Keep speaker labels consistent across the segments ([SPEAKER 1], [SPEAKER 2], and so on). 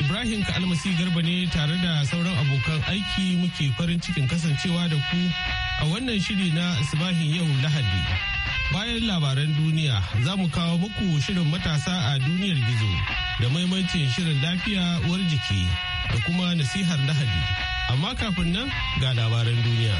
[SPEAKER 1] Ibrahim Kalmasi Garba ne tare da sauran abokan aiki muke farin cikin kasancewa da ku a wannan shiri na Sibahin yau Lahadi. Bayan labaran duniya za mu kawo muku shirin matasa a duniyar gizo da maimaitin shirin lafiya uwar jiki da kuma nasihar Lahadi. Amma kafin nan ga labaran duniya.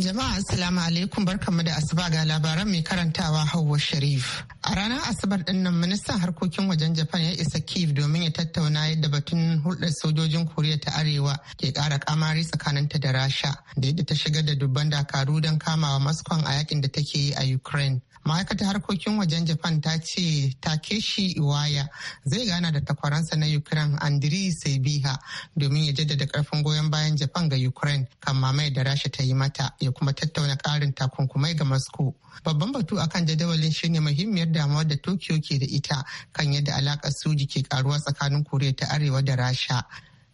[SPEAKER 2] Jama'a Assalamu alaikum barkanmu da asuba ga labaran mai karantawa Hauwa Sharif. A ranar Asabar ɗin nan ministan harkokin wajen Japan ya isa Kiev domin ya tattauna yadda batun hulɗar sojojin Koriya ta Arewa ke ƙara kamari tsakaninta da Rasha da yadda ta shigar da dubban dakaru don kamawa Moscow a yakin da take yi a Ukraine. Ma'aikatar harkokin wajen Japan ta ce Takeshi Iwaya zai gana da takwaransa na Ukraine Andriy Sebiha domin ya jaddada ƙarfin goyon bayan Japan ga Ukraine kan mamaye da Rasha ta yi mata ya kuma tattauna ƙarin takunkumai ga Moscow. Babban batu akan jadawalin shine muhimmiyar damuwar da Tokyo ke da ita kan yadda alakar soji ke karuwa tsakanin Koriya ta Arewa da Rasha.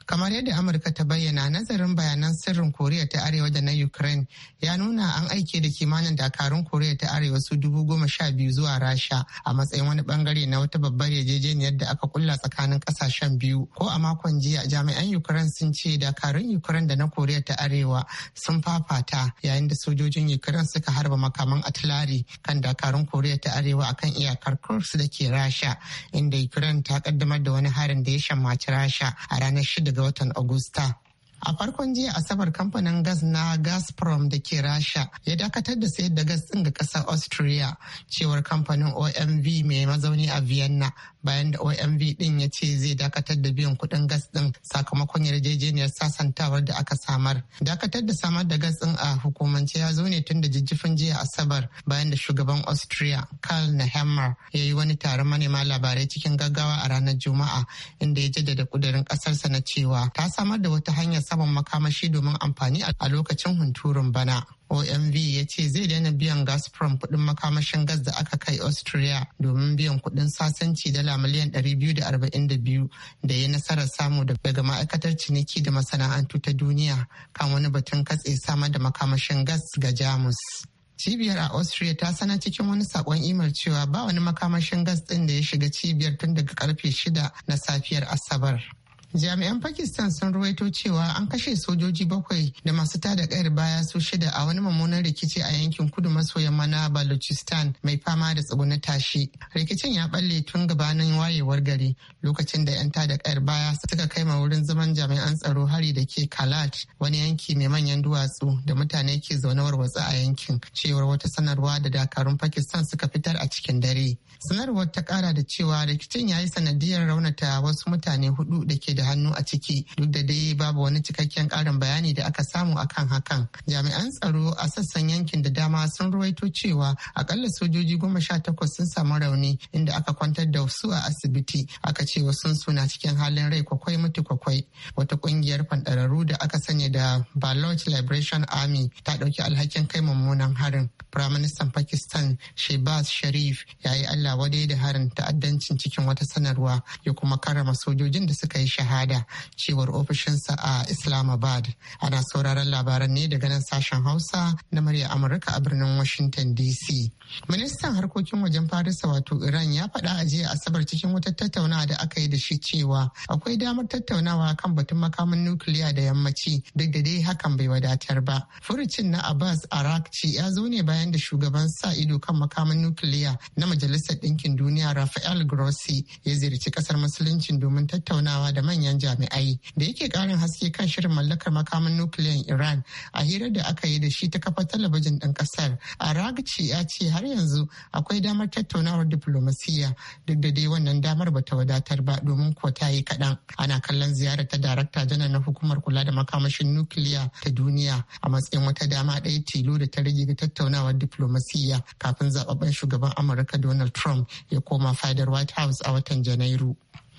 [SPEAKER 2] kamar yadda amurka ta bayyana nazarin bayanan sirrin koriya ta arewa da na ukraine ya nuna an aike da kimanin dakarun koriya ta arewa su dubu goma sha biyu zuwa rasha a matsayin wani bangare na wata babbar yarjejeniyar da aka kulla tsakanin kasashen biyu ko a makon jiya jami'an ukraine sun ce dakarun ukraine da na koriya ta arewa sun fafata yayin da sojojin ukraine suka harba makaman atilari kan dakarun koriya ta arewa akan iyakar kursu da ke rasha inda ukraine ta kaddamar da wani harin da ya shammaci rasha a ranar shida Got an Augusta. a farkon jiya asabar kamfanin gas na gasprom da ke rasha ya dakatar da sayar da gas din ga kasar austria cewar kamfanin omv mai mazauni a vienna bayan da omv din ya ce zai dakatar da biyan kuɗin gas din sakamakon yarjejeniyar sasantawar da aka samar dakatar da samar da gas din a hukumance ya zo ne tun da jijjifin jiya asabar bayan da shugaban austria karl nehammer ya yi wani taron manema labarai cikin gaggawa a ranar juma'a inda ya jaddada kudirin kasarsa na cewa ta samar da wata hanyar samun makamashi domin amfani a lokacin hunturun bana. OMV ya ce zai daina biyan Gazprom kuɗin makamashin gas da aka kai Austria domin biyan kuɗin sasanci dala miliyan 242 da ya nasara samu daga ma'aikatar ciniki da masana'antu ta duniya kan wani batun katse samar da makamashin gas ga Jamus. Cibiyar a Austria ta sana cikin wani sakon imel cewa ba wani makamashin gas ɗin da ya shiga cibiyar tun daga karfe shida na safiyar Asabar. jami'an pakistan sun ruwaito cewa an kashe sojoji bakwai da masu tada kayar baya su shida a wani mummunan rikici a yankin kudu maso yamma na balochistan mai fama da na tashi rikicin ya balle tun gabanin wayewar gari lokacin da 'yan tada kayar baya suka kai ma wurin zaman jami'an tsaro hari da ke kalat wani yanki mai manyan duwatsu da mutane ke zaune warwatsa a yankin cewar wata sanarwa da dakarun pakistan suka fitar a cikin dare sanarwar ta kara da cewa rikicin ya yi sanadiyar raunata wasu mutane hudu da ke da da hannu a ciki duk da dai babu wani cikakken karin bayani da aka samu akan hakan jami'an tsaro a sassan yankin da dama sun ruwaito cewa akalla sojoji goma sha takwas sun samu rauni inda aka kwantar da su a asibiti aka ce wasu suna cikin halin rai kwakwai mutu kwakwai wata kungiyar fandararru da aka sanya da Baloch Liberation Army ta ɗauki alhakin kai mummunan harin. Firaministan Pakistan shebas Sharif yayi Allah wadai da harin ta'addancin cikin wata sanarwa ya kuma karama sojojin da suka yi shahara. shahada cewar ofishinsa a Islamabad. Ana sauraron labaran ne daga nan sashen Hausa na murya Amurka a birnin Washington DC. Ministan harkokin wajen Farisa wato Iran ya faɗa a jiya Asabar cikin wata tattaunawa da aka yi da shi cewa akwai damar tattaunawa kan batun makamin nukiliya da yammaci duk da dai hakan bai wadatar ba. Furucin na Abbas Arakci ya zo ne bayan da shugaban sa ido kan makamin nukiliya na Majalisar Ɗinkin Duniya Rafael Grossi ya ziyarci ƙasar Musuluncin domin tattaunawa da manyan manyan jami'ai da yake karin haske kan shirin mallakar makamin nukiliyan Iran a hirar da aka yi da shi ta kafa talabijin ɗin ƙasar. ragaci ya ce har yanzu akwai damar tattaunawar diflomasiyya duk da dai wannan damar ba ta wadatar ba domin ko ta yi kaɗan. Ana kallon ziyarar ta darakta janar na hukumar kula da makamashin nukiliya ta duniya a matsayin wata dama ɗaya tilo da ta rage ga tattaunawar diflomasiyya kafin zababben shugaban Amurka Donald Trump ya koma fadar White House a watan Janairu.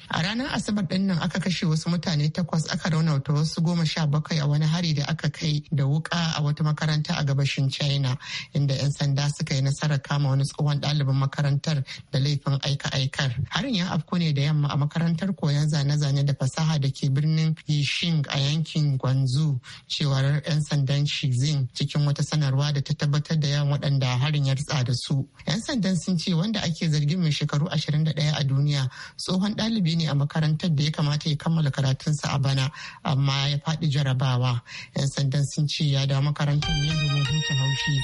[SPEAKER 2] A ranar Asabar ɗin nan aka kashe wasu mutane takwas aka raunata wasu goma sha bakwai a wani hari da aka kai da wuka a wata makaranta a gabashin China inda 'yan sanda suka yi nasarar kama wani tsohon ɗalibin makarantar da laifin aika-aikar. Harin ya afko ne da yamma a makarantar koyon zane-zane da fasaha da ke birnin Yishing a yankin Gwanzu cewar 'yan sandan Shizin cikin wata sanarwa da ta tabbatar da yawan waɗanda harin ya ritsa da su. 'Yan sandan sun ce wanda ake zargin mai shekaru ashirin da 21 a duniya tsohon ɗalibi ne a makarantar da ya kamata ya kammala karatunsa a bana amma ya faɗi jarabawa 'yan sandan sun ce ya dawo makarantar ne domin hutu haushi.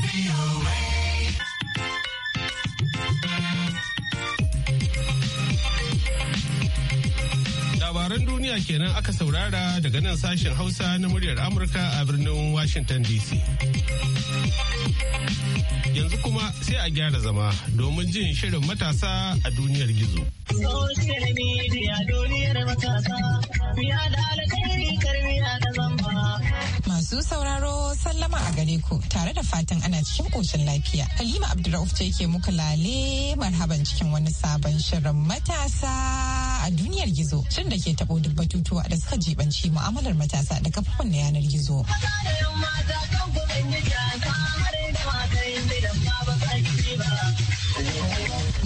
[SPEAKER 1] labaran duniya kenan aka saurara daga nan sashen hausa na muryar amurka a birnin washington dc Yanzu kuma sai a gyara zama domin jin shirin matasa a duniyar gizo.
[SPEAKER 3] Social media duniyar matasa, da
[SPEAKER 4] alkhairi karmi masu sauraro sallama a gare ku tare da fatan ana cikin koshin lafiya. Halima Abdulrauf ce ke muku lale marhaban cikin wani sabon shirin matasa a duniyar gizo. Shin da ke tabo duk batutuwa da suka jibanci mu'amalar matasa da kafofin na yanar gizo.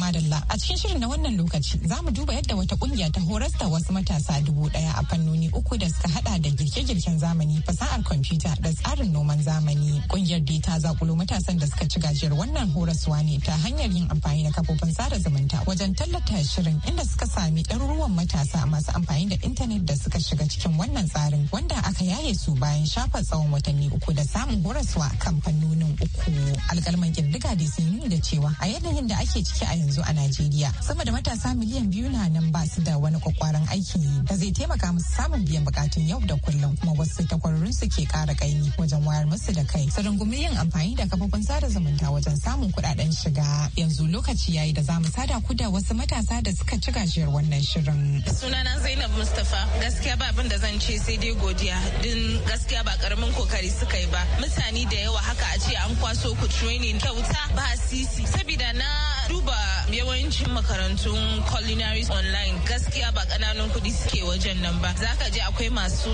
[SPEAKER 4] madalla a cikin shirin na wannan lokaci za mu duba yadda wata kungiya ta horas da wasu matasa dubu daya a fannoni uku da suka hada da girke-girken zamani fasahar kwamfuta da tsarin noman zamani kungiyar da ta zakulo matasan da suka ci gajiyar wannan horaswa ne ta hanyar yin amfani da kafofin sada zumunta wajen tallata shirin inda suka sami ɗaruruwan matasa masu amfani da intanet da suka shiga cikin wannan tsarin wanda aka yaye su bayan shafa tsawon watanni uku da samun horaswa kan fannonin uku alkalman kirdiga da sun yi da cewa a yanayin da ake ciki a yanzu yanzu a Najeriya. Sama da matasa miliyan biyu na nan ba su da wani kwakwaran aikin yi da zai taimaka musu samun biyan bukatun yau da kullum kuma wasu takwarorin su ke kara kaini wajen wayar musu da kai. Su rungumi yin amfani da kafofin sada zumunta wajen samun kuɗaɗen shiga. Yanzu lokaci yayi da zamu sada ku da wasu matasa da suka ci gajiyar wannan shirin.
[SPEAKER 5] Sunana Zainab Mustapha gaskiya ba abin da zan ce sai dai godiya din gaskiya ba karamin kokari suka yi ba. Mutane da yawa haka a ce an kwaso ku training kyauta ba sisi sabida na duba yawancin makarantun culinary online gaskiya ba kananan kuɗi suke wajen nan ba za ka je akwai masu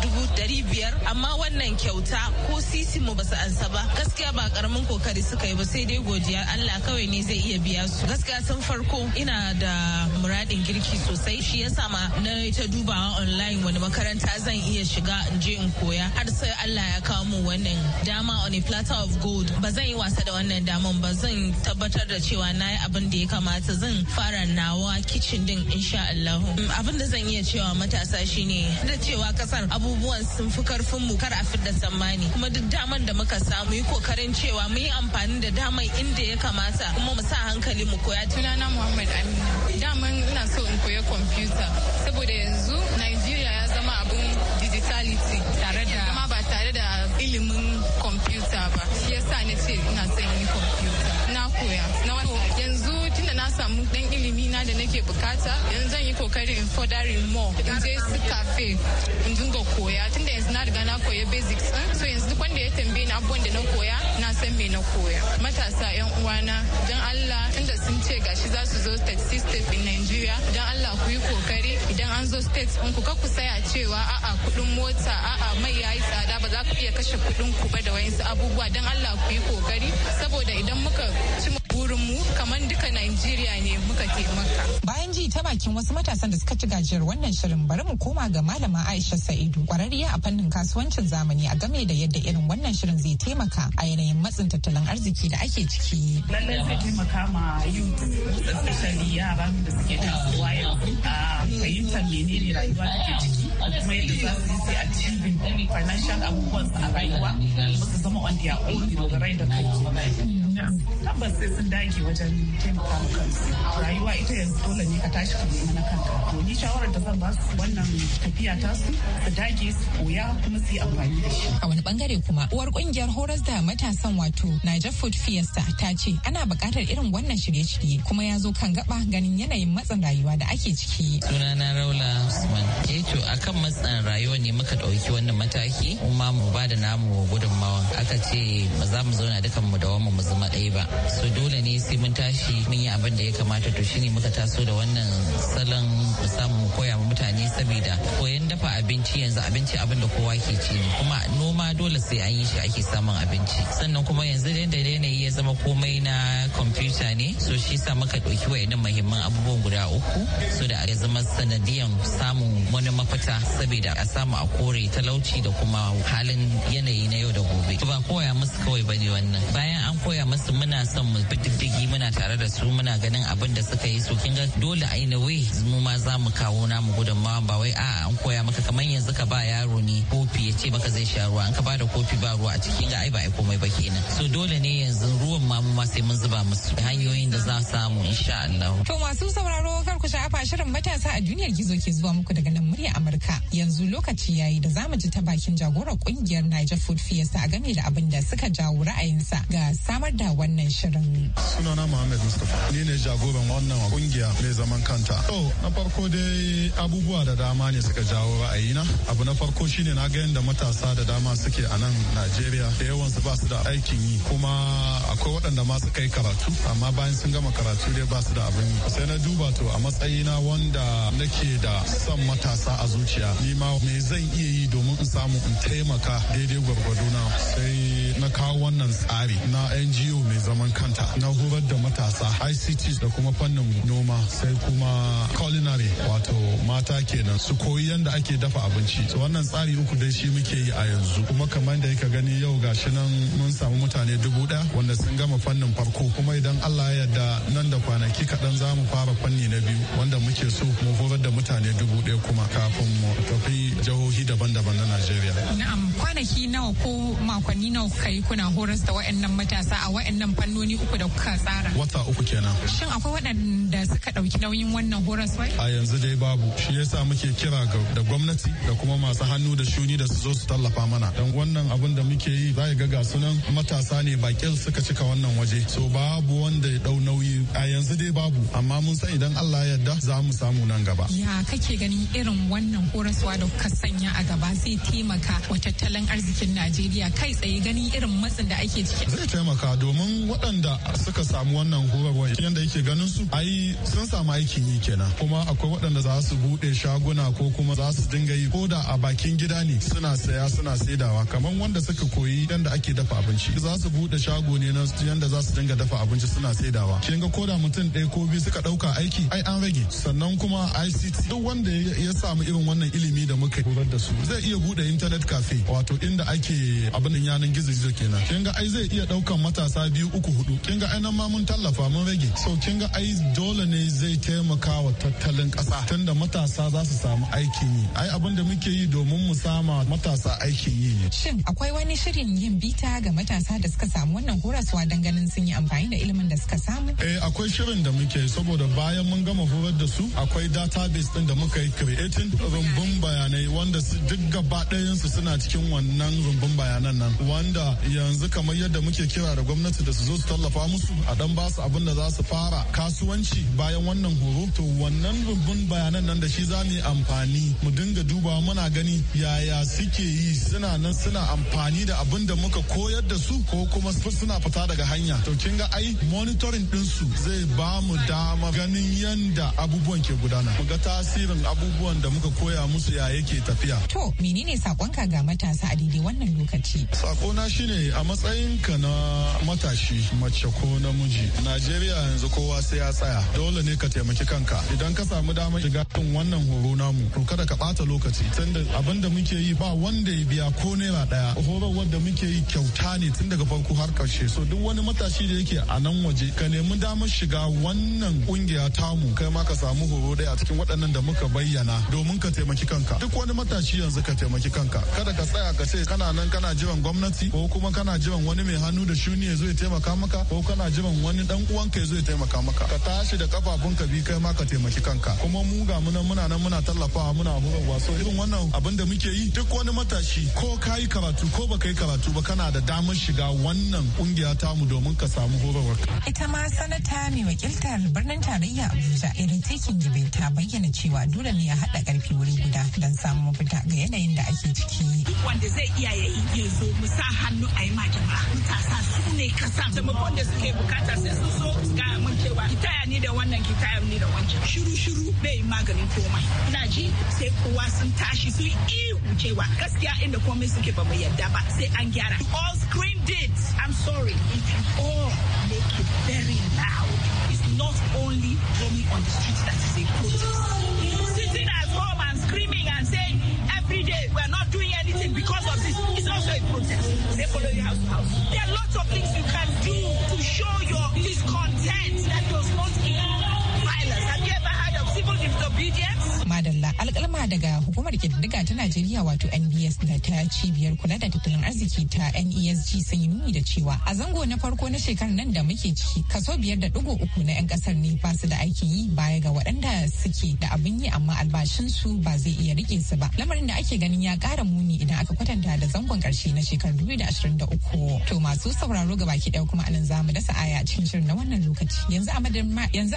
[SPEAKER 5] dubu dari biyar amma wannan kyauta ko sisi mu basu ansa ba gaskiya ba karamin kokari suka yi ba sai dai godiya Allah kawai ne zai iya biya su gaskiya sun farko ina da muradin girki sosai shi yasa ma na ta dubawa online wani makaranta zan iya shiga in je in koya har sai Allah ya kawo mu wannan dama on a platter of gold ba zan yi wasa da wannan daman ba zan tabbatar da cewa na yi abin da ya kamata zan fara nawa kicin din insha Allah mm, abin da zan iya cewa matasa shine da cewa kasar abubuwan sun fi karfin mu kar a fidda tsammani kuma duk daman da muka samu yi kokarin cewa mu yi amfani da damar inda ya kamata kuma mu sa hankali mu koya tunana Muhammad Amina daman ina so in koya kwamfuta saboda yanzu Nigeria ya zama abun digitality tare da amma ba tare da ilimin kwamfuta ba shi yasa ne ce ina son yi kwamfuta na koya na wani samu dan ilimi na da nake bukata yanzu zan yi kokarin fodari more in je su cafe in dinga koya tunda yanzu na riga na koya basics din so yanzu duk wanda ya tambaye ni abubuwan da na koya na san me na koya matasa yan uwana dan Allah tunda sun ce gashi za su zo state state in Nigeria dan Allah ku yi kokari idan an zo state in ku ku saya cewa a'a kudin mota a'a mai yayi tsada ba za ku iya kashe kudin ku ba da wayansu abubuwa dan Allah ku yi kokari saboda idan muka ci mu kamar duka Najeriya ne muka taimaka.
[SPEAKER 4] Bayan ji ta bakin wasu matasan da suka ci gajiyar wannan shirin bari mu koma ga malama Aisha Sa'idu kwararriya a fannin kasuwancin zamani a game da yadda irin wannan shirin zai taimaka a yanayin matsin tattalin arziki da ake ciki. Lallai zai
[SPEAKER 5] taimaka ma youth especially yaran da suke tasowa yau. a fahimtar menene rayuwa take ciki. kuma yadda za su yi sai achieving financial abubuwan a rayuwa ba su zama on their own dogara da kai tabbas sai sun dage wajen taimaka ma kansu rayuwa ita yanzu dole ne ka tashi ka nema na kanka to ni shawarar da zan ba su wannan tafiya ta su su dage su koya kuma su yi amfani da shi
[SPEAKER 4] a wani bangare kuma uwar kungiyar horas da matasan wato Niger Food Fiesta ta ce ana buƙatar irin wannan shirye-shirye kuma ya zo kan gaba ganin yanayin matsin rayuwa da ake ciki
[SPEAKER 3] sunana Raula Usman eh to akan matsin rayuwa ne muka ɗauki wannan mataki kuma mu ba da namu gudunmawa aka ce ba za mu zauna dukan mu da mu zama zama ba so dole ne sai mun tashi mun yi abin da ya kamata to shine muka taso da wannan salon mu samu koya ma mutane saboda koyan dafa abinci yanzu abinci abin da kowa ke ci ne kuma noma dole sai an yi shi ake samun abinci sannan kuma yanzu da yanayi ya zama komai na kwamfuta ne so shi sa muka ɗauki wayannan muhimman abubuwan guda uku so da a zama sanadiyan samun wani mafita saboda a samu a kore talauci da kuma halin yanayi na yau da gobe ba koya musu kawai bane wannan bayan an koya musu muna son mu bi diddigi muna tare da su muna ganin abin da suka yi su kin ga dole a wai mu ma za mu kawo namu ma ba wai a an koya maka kamar yanzu ka ba yaro ne kofi ya ce maka zai sha ruwa an ka ba da kofi ba ruwa a cikin ga ai ba ai komai ba kenan so dole ne yanzu ruwan ma mu ma sai mun zuba musu hanyoyin da za su samu insha Allah to
[SPEAKER 4] masu sauraro kar ku sha'afa shirin matasa a duniyar gizo ke zuwa muku daga nan murya Amurka yanzu lokaci yayi da zamu ji ta bakin jagorar kungiyar Niger Food Fiesta a game da abin da suka jawo ra'ayinsa ga samar da da wannan shirin.
[SPEAKER 6] Sunana Muhammad Mustapha ni ne jagoran wannan kungiya mai zaman kanta. To na farko dai abubuwa da dama ne suka jawo ra'ayina. Abu na farko shine na ga yadda matasa da dama suke a nan Najeriya da yawansu ba su da aikin yi kuma akwai waɗanda ma suka yi karatu amma bayan sun gama karatu dai ba su da abin yi. Sai na duba to a matsayina wanda nake da son matasa a zuciya ni ma me zan iya yi domin in samu in taimaka daidai gwargwado na sai na kawo wannan tsari na NGO mai zaman kanta na horar da matasa icts da kuma fannin noma sai kuma culinary wato mata kenan su koyi yadda ake dafa abinci. to wannan tsari uku dai shi muke yi a yanzu kuma kamar da ka gani yau gashi nan mun samu mutane dubu ɗaya wanda sun gama fannin farko kuma idan Allah ya yarda nan da kwanaki kaɗan za mu fara fanni na biyu wanda muke so mu horar da mutane dubu ɗaya kuma kafin mu tafi jihohi daban-daban na Najeriya.
[SPEAKER 4] Na'am kwanaki nawa ko makonni nawa kai kuna horas da wa'annan matasa a waɗannan fannoni uku da kuka tsara
[SPEAKER 6] wata uku kenan
[SPEAKER 4] shin akwai waɗanda suka ɗauki nauyin wannan horaswai
[SPEAKER 6] a yanzu dai babu shi yasa muke kira da gwamnati da kuma masu hannu da shuni da su zo su tallafa mana don wannan abin da muke yi za ga ga sunan matasa ne bakin suka cika wannan waje so babu wanda ya dau nauyi a yanzu dai babu amma mun san idan Allah ya yarda za mu samu nan gaba
[SPEAKER 4] ya kake ganin irin wannan horaswa da kuka sanya a gaba zai taimaka wa tattalin arzikin Najeriya kai tsaye ganin irin matsin da ake ciki
[SPEAKER 6] zai taimaka domin domin waɗanda suka samu wannan horarwa yadda yake ganin su ai sun samu aikin yi kenan kuma akwai waɗanda za su buɗe shaguna ko kuma za su dinga yi ko da a bakin gida ne suna saya suna saidawa kamar wanda suka koyi yadda ake dafa abinci za su buɗe shago ne na yadda za su dinga dafa abinci suna saidawa kin ga koda mutum ɗaya ko biyu suka ɗauka aiki ai an rage sannan kuma ICT duk wanda ya samu irin wannan ilimi da muka horar da su zai iya buɗe internet cafe wato inda ake abin yanan gizo gizo kenan kin ga ai zai iya ɗaukan matasa biyu uku hudu kin ga ainihin ma mun tallafa mun rage so kin ga ai dole ne zai taimaka wa tattalin kasa tunda matasa za su samu aikin yi ai abin da muke yi domin mu sama matasa aikin yi ne
[SPEAKER 4] shin akwai wani shirin yin bita ga matasa da suka samu wannan horaswa don sun yi amfani da ilimin da suka samu
[SPEAKER 6] eh akwai shirin da muke saboda bayan mun gama horar da su akwai database din da muka yi creating rumbun bayanai wanda duk gaba ɗayansu suna cikin wannan rumbun bayanan nan wanda yanzu kamar yadda muke kira da gwamnati gwamnati da su zo su tallafa musu a dan ba su abin da za su fara kasuwanci bayan wannan horo to wannan rubun bayanan nan da shi za mu amfani mu dinga duba muna gani yaya suke yi suna nan suna amfani da abin da muka koyar da su ko kuma suna fita daga hanya to kin ga ai monitoring din su zai ba mu dama ganin yanda abubuwan ke gudana mu ga tasirin abubuwan da muka koya musu ya yake tafiya
[SPEAKER 4] to menene sakonka ga matasa a daidai wannan lokaci sakona
[SPEAKER 6] shine a matsayin ka na matashi mace ko namiji najeriya yanzu kowa sai ya tsaya dole ne ka taimaki kanka idan ka samu damar shiga cikin wannan horo namu to kada ka bata lokaci tunda abin da muke yi ba wanda ya biya ko naira daya horo wanda muke yi kyauta ne tun daga farko har karshe so duk wani matashi da yake a nan waje ka nemi damar shiga wannan kungiya tamu kai ma ka samu horo daya a cikin waɗannan da muka bayyana domin ka taimaki kanka duk wani matashi yanzu ka taimaki kanka kada ka tsaya ka ce kana nan kana jiran gwamnati ko kuma kana jiran wani mai hannu da shuni ya zai taimaka maka ko kana jiran wani dan uwanka ya zai taimaka maka ka tashi da kafafunka bi kai ma ka taimaki kanka kuma mu ga muna muna nan muna tallafawa muna horarwa wasu irin wannan abin da muke yi duk wani matashi ko ka karatu ko baka yi karatu ba kana da damar shiga wannan kungiya tamu domin ka samu ka
[SPEAKER 4] ita ma sanata mai wakiltar birnin tarayya Abuja irin tekin gibe ta bayyana cewa dole ne ya haɗa ƙarfi wuri guda don samun mafita ga yanayin da ake ciki
[SPEAKER 5] duk wanda zai iya ya zo mu sa hannu a yi ma jama'a ne kasa suke bukata sai sun so ga mun cewa kitaya ni da wannan kitaya ni da wancan shiru shiru bai maganin komai ina ji sai kowa sun tashi ihu cewa gaskiya inda komai suke ba mu yadda ba sai an gyara all screen dates i'm sorry if you all make it very loud it's not only roaming on the streets that is a protest sitting at home and screaming and saying we are not doing anything because of this It's also a protest. They follow you house to house. There are lots of things you can do to show your discontent that does not disobedience.
[SPEAKER 4] Madalla alkalma daga hukumar kididdiga ta Najeriya wato NBS da ta cibiyar kula da tattalin arziki ta NESG sun yi nuni da cewa a zango na farko na shekarar nan da muke ciki kaso biyar da digo uku na 'yan kasar ne ba su da aikin yi baya ga waɗanda suke da abin yi amma albashin su ba zai iya rike su ba. Lamarin da ake ganin ya kara muni idan aka kwatanta da zangon karshe na shekarar 2023. To masu sauraro ga baki ɗaya kuma anan za mu dasa aya cikin shirin na wannan lokaci yanzu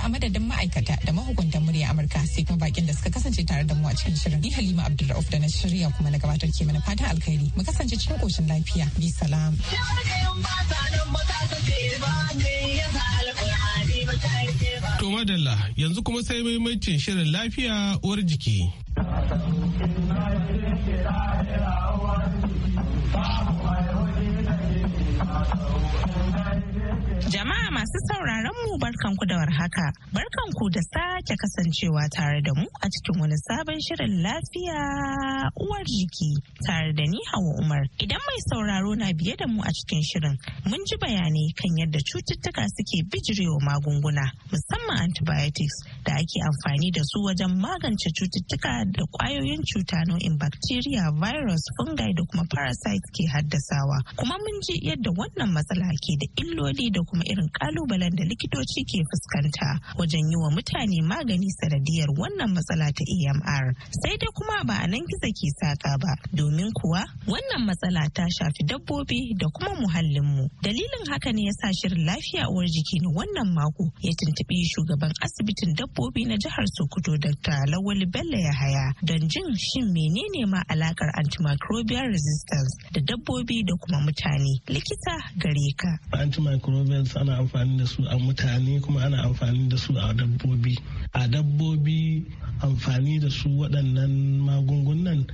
[SPEAKER 4] a madadin ma'aikata da mahukuntan murya Amurka sai da bakin da suka kasance tare da mu a cikin shirin. Ni Halima Abdulrauf da na shirya kuma na gabatar ke mana fatan alkhairi. Mu kasance cikin koshin lafiya. Bi salam.
[SPEAKER 1] To madalla yanzu kuma sai maimaitin shirin lafiya uwar jiki.
[SPEAKER 7] Jama'a masu sauraron mu barkanku da warhaka. Barkanku da sake kasancewa tare da mu a cikin wani sabon shirin lafiya uwar jiki tare da ni Hawa Umar. Idan mai sauraro na biye da mu a cikin shirin, mun ji bayanai kan yadda cututtuka suke bijirewa magunguna, musamman antibiotics da ake amfani da su wajen magance cututtuka da kwayoyin cuta nau'in bacteria, virus, fungi da kuma parasites ke haddasawa. Kuma mun ji yadda wannan matsala ke da illoli da kuma irin kalubalen da likitoci ke fuskanta wajen yi wa mutane magani sanadiyar wannan matsala ta EMR. Sai dai kuma ba a nan gizo ke saka ba domin kuwa wannan matsala ta shafi dabbobi da kuma muhallinmu. Dalilin haka ne ya sa shirin lafiya uwar jiki na wannan mako ya tuntuɓi shugaban asibitin dabbobi na jihar Sokoto Dr. lawali Bello Yahaya don jin shin menene ma alakar antimicrobial resistance da dabbobi da kuma mutane. Likita gare ka.
[SPEAKER 8] Antimicrobial minerals ana amfani da su a mutane kuma ana amfani da su a dabbobi a dabbobi amfani da su waɗannan magungunan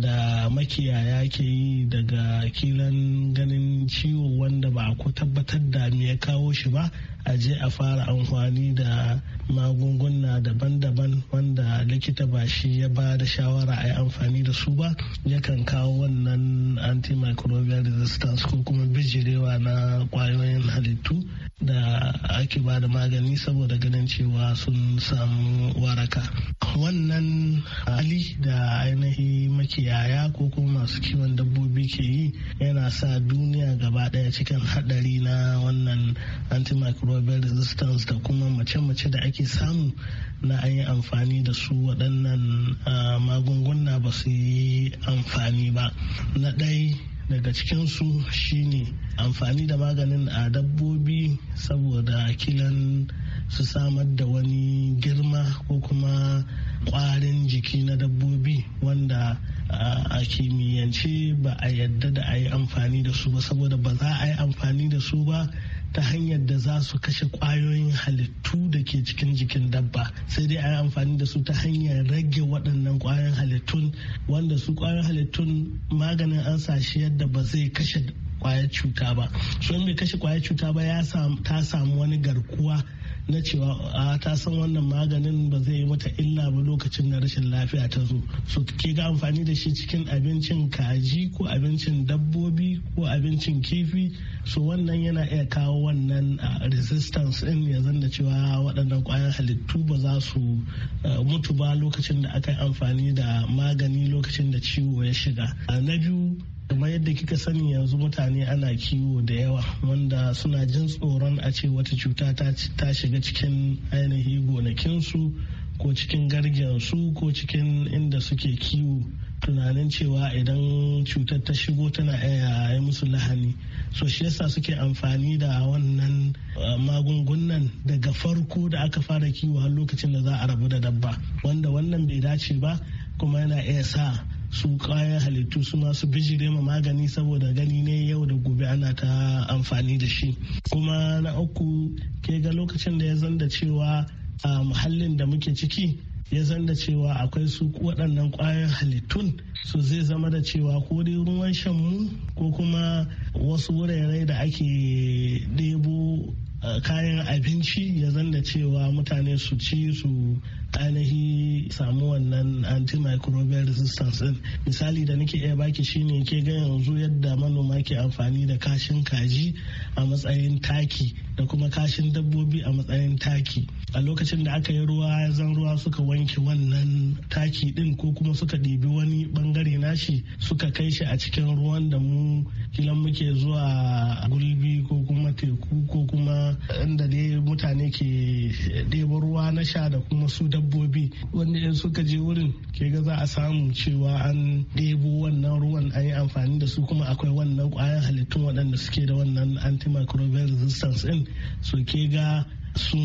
[SPEAKER 8] da makiyaya ke yi daga kilan ganin ciwo wanda ba ko tabbatar da me ya kawo shi ba a je a fara amfani da magunguna daban-daban wanda likita ba shi ya ba da shawara a yi amfani da su ba yakan kawo wannan antimicrobial resistance ko kuma bijirewa na kwayoyin halittu makarantu da ake ba da magani saboda ganin cewa sun samu waraka wannan hali da ainihi makiyaya ko kuma masu kiwon dabbobi ke yi yana sa duniya gaba ɗaya cikin haɗari na wannan antimicrobial resistance da kuma mace-mace da ake samu na an yi amfani da su waɗannan ah, magunguna ba su yi amfani ba na ɗai daga cikinsu shine amfani da maganin a dabbobi saboda kilan su samar da wani girma ko kuma kwarin jiki na dabbobi wanda a kimiyyance ba a yadda da a yi amfani da su ba saboda ba za a yi amfani da su ba ta hanyar da za su kashe kwayoyin halittu da ke cikin jikin dabba sai dai a yi amfani da su ta hanyar rage waɗannan kwayoyin halittun wanda su kwayoyin halittun maganin an sashi yadda ba zai kashe kwayar cuta ba su in bai kashe kwayar cuta ba ya ta samu wani garkuwa na cewa a ta san wannan maganin ba zai yi mata illa ba lokacin da rashin lafiya ta zo so ke ga amfani da shi cikin abincin kaji ko abincin dabbobi ko abincin kifi su wannan yana iya kawo wannan resistance in ya zanda cewa waɗannan ƙwayar halittu ba za su mutu ba lokacin da aka yi amfani da magani lokacin da ciwo ya shiga na biyu kuma yadda kika sani yanzu mutane ana kiwo da yawa wanda suna jin tsoron a ce wata cuta ta shiga cikin ainihi gonakinsu ko cikin su ko cikin inda suke kiwo tunanin cewa idan cutar ta shigo tana iya yi musu lahani so shi yasa suke amfani da wannan eh, magungunan daga farko da aka fara kiwo har lokacin da za a rabu da dabba wanda wannan bai dace ba kuma yana iya sa su kayan halittu su masu bijire ma magani saboda gani ne yau da gobe ana ta amfani da shi kuma na uku ke ga lokacin da ya zanda cewa a muhallin da muke ciki ya zanda cewa akwai su waɗannan kwayan halittun su zai zama da cewa ko dai ruwan mu ko kuma wasu wurare da ake ɗebo Eh, kayan abinci ya zanda cewa mutane su ci su ainihi samu wannan antimicrobial resistance din misali da nake iya baki shine ke ga yanzu yadda manoma ke amfani da kashin kaji a matsayin taki da kuma kashin dabbobi a matsayin taki a lokacin da aka yi ruwa zan ruwa suka wanke wannan taki din ko kuma suka ɗibi wani bangare nashi suka kai shi a cikin ruwan da mu kilan muke zuwa gulbi ko kuma teku ko kuma inda dai mutane ke ɗebo ruwa na sha da kuma su dabbobi wanda in suka je wurin ke ga za a samu cewa an ɗebo wannan ruwan an yi amfani da su kuma akwai wannan ƙwayan halittun waɗanda suke da wannan antimicrobial resistance din su ke ga su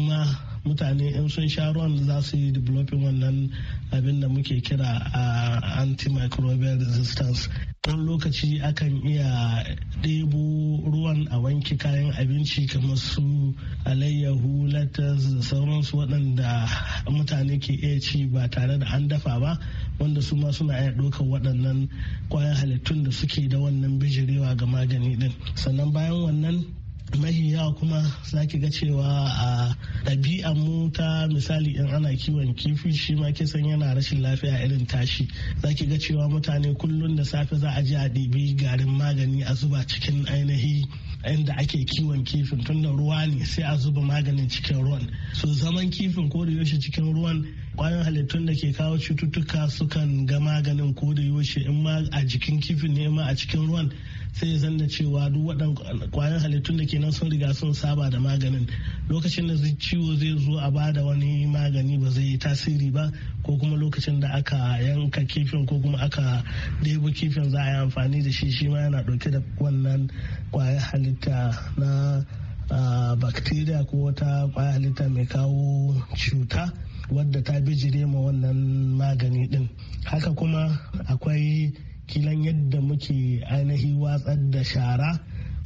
[SPEAKER 8] mutane in sun sha ruwan za su yi developing wannan abin da muke kira a uh, antimicrobial resistance wani lokaci akan iya ɗebo ruwan a wanke kayan abinci kamar su alayyahu lettuce da sauransu waɗanda mutane ke iya ci ba tare da an dafa ba wanda su ma suna iya ɗaukar waɗannan kwayan halittun da suke da wannan bijirewa ga magani ɗin sannan bayan wannan mahi yawa kuma za ki ga cewa a ɗabi'a mu ta misali in ana kiwon kifi shi ma kisan yana rashin lafiya irin tashi za ki ga cewa mutane kullum da safe za a je a ɗibi garin magani a zuba cikin ainihi inda ake kiwon kifin tunda ruwa ne sai a zuba maganin cikin ruwan su zaman kifin ko da yaushe cikin ruwan kwayoyin halittun da ke kawo cututtuka sukan ga maganin ko da yaushe in ma a jikin kifin ne ma a cikin ruwan sai zan zanna cewa duk waɗan kwayan halittun da ke nan sun riga sun saba da maganin lokacin da ciwo zai zo a bada wani magani ba zai yi tasiri ba ko kuma lokacin da aka yanka kifin ko kuma aka ɗebo kifin za a yi amfani da shi shi ma yana ɗauke da wannan kwayan halitta na bacteria ko wata kwayan halitta mai kawo cuta wadda ta bijire ma wannan magani din haka kuma akwai kilan yadda muke ainihi watsar da shara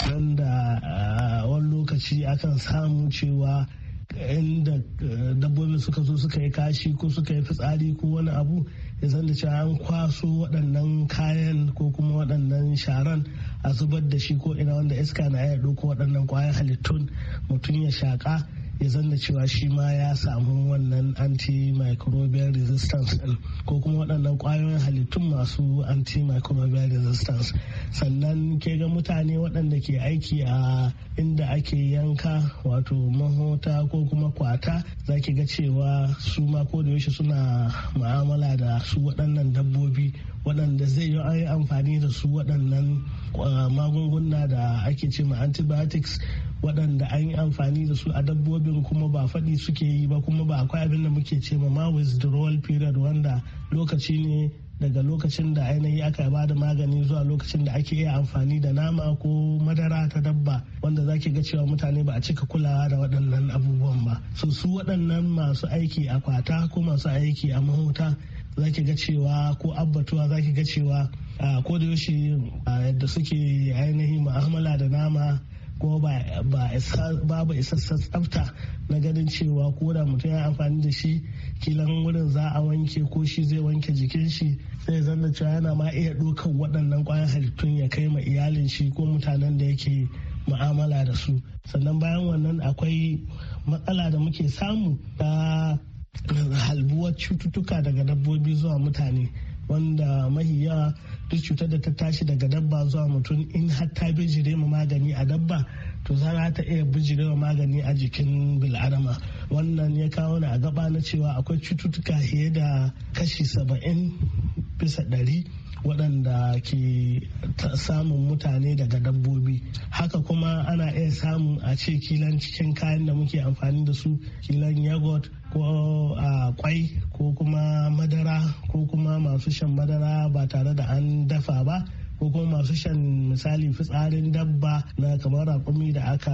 [SPEAKER 8] wanda ah, wani lokaci akan samu cewa inda eh, dabbobi suka zo suka yi kashi ko suka yi fitsari ko wani abu ya zanda da cewa an kwaso waɗannan kayan ko kuma waɗannan sharan a zubar da shi ko ina wanda iska na iya ɗauko waɗannan kwayan halittun mutum ya shaƙa ya zanna cewa shi ma ya samu wannan antimicrobial resistance din ko kuma waɗannan ƙwayoyin halittun masu antimicrobial resistance sannan ke ga mutane waɗanda ke aiki a inda ake yanka wato mahota ko kuma kwata za ki ga cewa su ma ko da yaushe suna ma'amala da su waɗannan dabbobi waɗanda zai yi amfani da su waɗannan ah, magunguna da ake ce ma antibiotics waɗanda an yi amfani da su a dabbobin kuma ba faɗi suke yi ba kuma ba akwai abin da muke ce ma withdrawal period wanda lokaci ne daga lokacin da ainihi aka ba da magani zuwa lokacin da ake iya amfani da nama ko madara ta dabba wanda zaki ga cewa mutane ba a cika kulawa da waɗannan abubuwan ba su su waɗannan masu aiki a kwata ko masu aiki a mahota ki ga cewa ko abbatuwa zaki ga cewa ko da yaushe yadda suke ainihin mu'amala da nama ko babu isassan tsafta na ganin cewa ko da mutum ya amfani da shi kilan wurin za a wanke ko shi zai wanke jikin shi zai zanna cewa yana ma iya ɗaukar waɗannan ƙwayar halittun ya kai ma iyalin shi ko mutanen da yake mu'amala da su sannan bayan wannan akwai matsala da muke samu ta halbuwar cututtuka daga dabbobi zuwa mutane wanda mahi yawa duk cutar da ta tashi daga dabba zuwa mutum in har ta bijire mu magani a dabba to za ta iya bijire wa magani a jikin bil'adama wannan ya kawo ni a gaba na cewa akwai cututtuka fiye da kashi saba'in bisa ɗari waɗanda ke samun mutane daga dabbobi haka kuma ana iya samun a ce kilan cikin kayan da muke amfani da su kilan yogurt ko a kwai ko kuma madara ko kuma masu shan madara ba tare da an dafa ba ko kuma masu shan misali fitsarin dabba na kamar rakumi da aka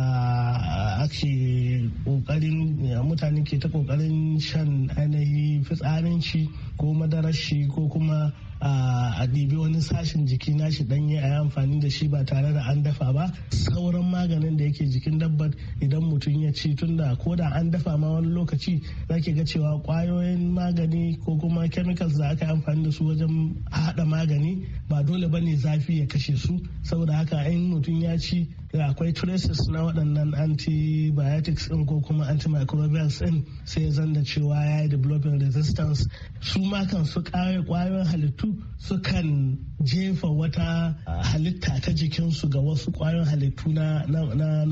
[SPEAKER 8] ake kokarin mutane ke ta kokarin shan ainihin fitsarin shi ko madarar shi ko kuma a ɗibi wani sashin jiki nashi yi a yi amfani da shi ba tare da an dafa ba sauran maganin da yake jikin dabbar idan mutum ya ci tunda ko da an dafa ma wani lokaci zaki ga cewa kwayoyin magani ko kuma chemicals da aka yi amfani da su wajen haɗa magani ba dole ba ne zafi ya kashe su saboda haka in mutum ya ci akwai traces na waɗannan antibiotics ɗin ko kuma antimicrobials ɗin sai zan da cewa ya yi developing resistance su ma kan su ƙare ƙwayoyin halittu kan jefa wata halitta ta jikinsu ga wasu ƙwayoyin halittu na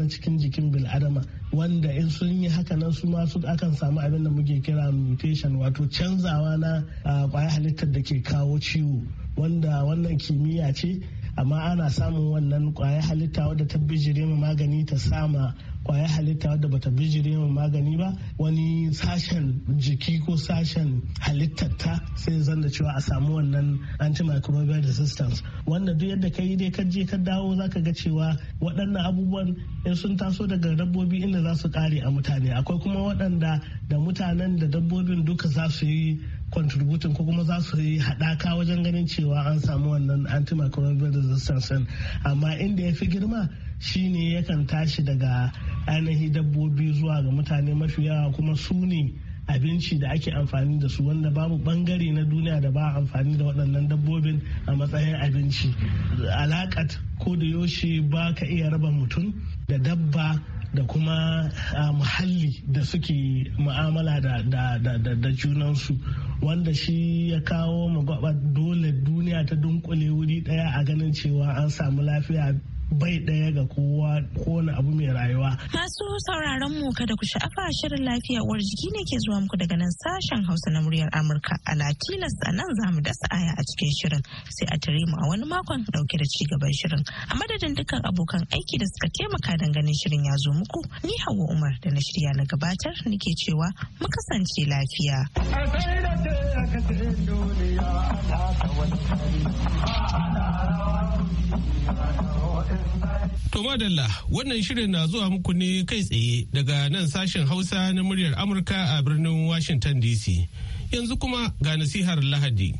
[SPEAKER 8] cikin jikin bil'adama wanda in sun yi haka nan su masu akan samu abin da muke kira mutation wato canzawa na ah, ƙwayar halittar da ke kawo ciwo wanda wannan kimiyya ce amma ana samun wannan kwaya halitta wadda ta bijire ma magani ta sama kwaya halitta wadda bata bijire ma magani ba wani sashen jiki ko sashen halittar ta sai zan da cewa a samu wannan antimicrobial resistance wanda duk yadda ka yi dai ka je ka dawo zaka ga cewa waɗannan abubuwan in sun taso daga dabbobi inda za su kare a mutane akwai kuma waɗanda da mutanen da dabbobin duka za su yi contributing ko kuma za su yi haɗaka wajen ganin cewa an samu wannan antimicrobial resistance amma inda ya fi girma shi ne yakan tashi daga ainihin dabbobi zuwa ga mutane mafi yawa kuma su ne abinci da ake amfani da su wanda babu bangare na duniya da ba amfani da waɗannan dabbobin a matsayin abinci alakat ko da yaushe ba ka iya raba mutum da dabba da kuma ah, muhalli da suke mu'amala da junansu wanda shi ya kawo magwaba dole duniya ta dunkule wuri daya a ganin cewa an samu lafiya bai ɗaya ga kowa wani abu mai rayuwa.
[SPEAKER 7] Masu sauraron mu kada ku sha'afa shirin lafiya uwar jiki ne ke zuwa muku daga nan sashen Hausa na muryar Amurka a latinas a nan za mu dasa aya a cikin shirin sai a tare mu a wani makon dauke da ci gaban shirin. A madadin dukkan abokan aiki da suka taimaka don ganin shirin ya zo muku ni Hauwa Umar da na shirya na gabatar nake cewa mu kasance lafiya.
[SPEAKER 3] A
[SPEAKER 1] da madalla wannan shirin na zuwa muku ne kai tsaye daga nan sashen Hausa na muryar Amurka a birnin Washington DC. Yanzu kuma ga nasihar Lahadi.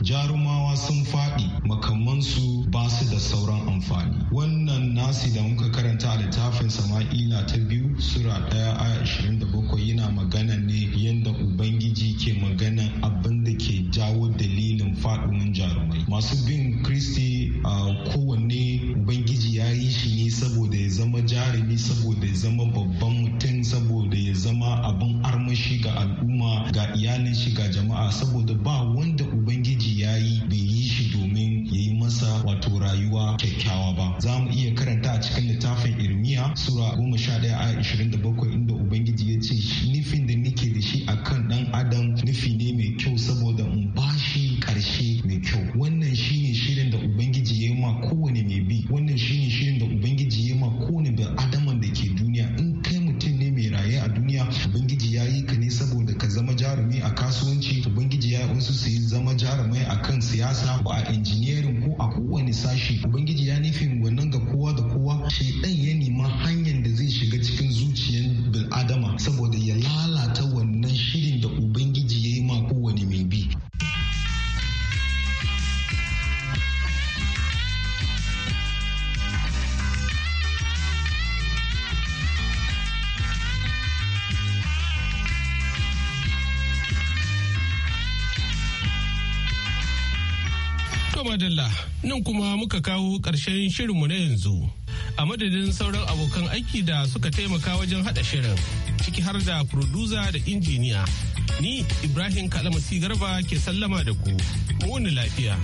[SPEAKER 9] jarumawa sun faɗi makamansu ba su da sauran amfani wannan nasi da muka karanta a littafin sama'ila ta biyu sura ɗaya a 27 yana magana ne yadda ubangiji ke magana abin da ke jawo dalilin faɗuwan jarumai masu bin kristi a kowanne ubangiji ya yi shi ne saboda ya zama jarumi saboda ya zama babban mutum saboda ya zama abin armashi ga al'umma ga iyalin shi ga jama'a saboda ba wani to rayuwa kyakkyawa ba za mu iya karanta a cikin littafin irmiya sura goma sha ɗaya a ishirin da bakwai inda ubangiji ya ce nufin da nake da shi akan ɗan adam nufi ne mai kyau saboda in bashi ƙarshe mai kyau wannan shine shirin da ubangiji ya yi ma kowane mai bi wannan shine shirin da ubangiji ya yi ma kowane bai adaman da ke duniya in kai mutum ne mai raye a duniya ubangiji ya yi ka ne saboda ka zama jarumi a kasuwanci ubangiji ya yi wasu su yi zama jarumai a kan siyasa ba a injiniya wani sashi
[SPEAKER 1] kawo ƙarshen shirinmu na yanzu. A madadin sauran abokan aiki da suka taimaka wajen haɗa shirin, ciki har da furduza da injiniya. Ni Ibrahim Kalamasi Garba ke sallama da ku, mu lafiya.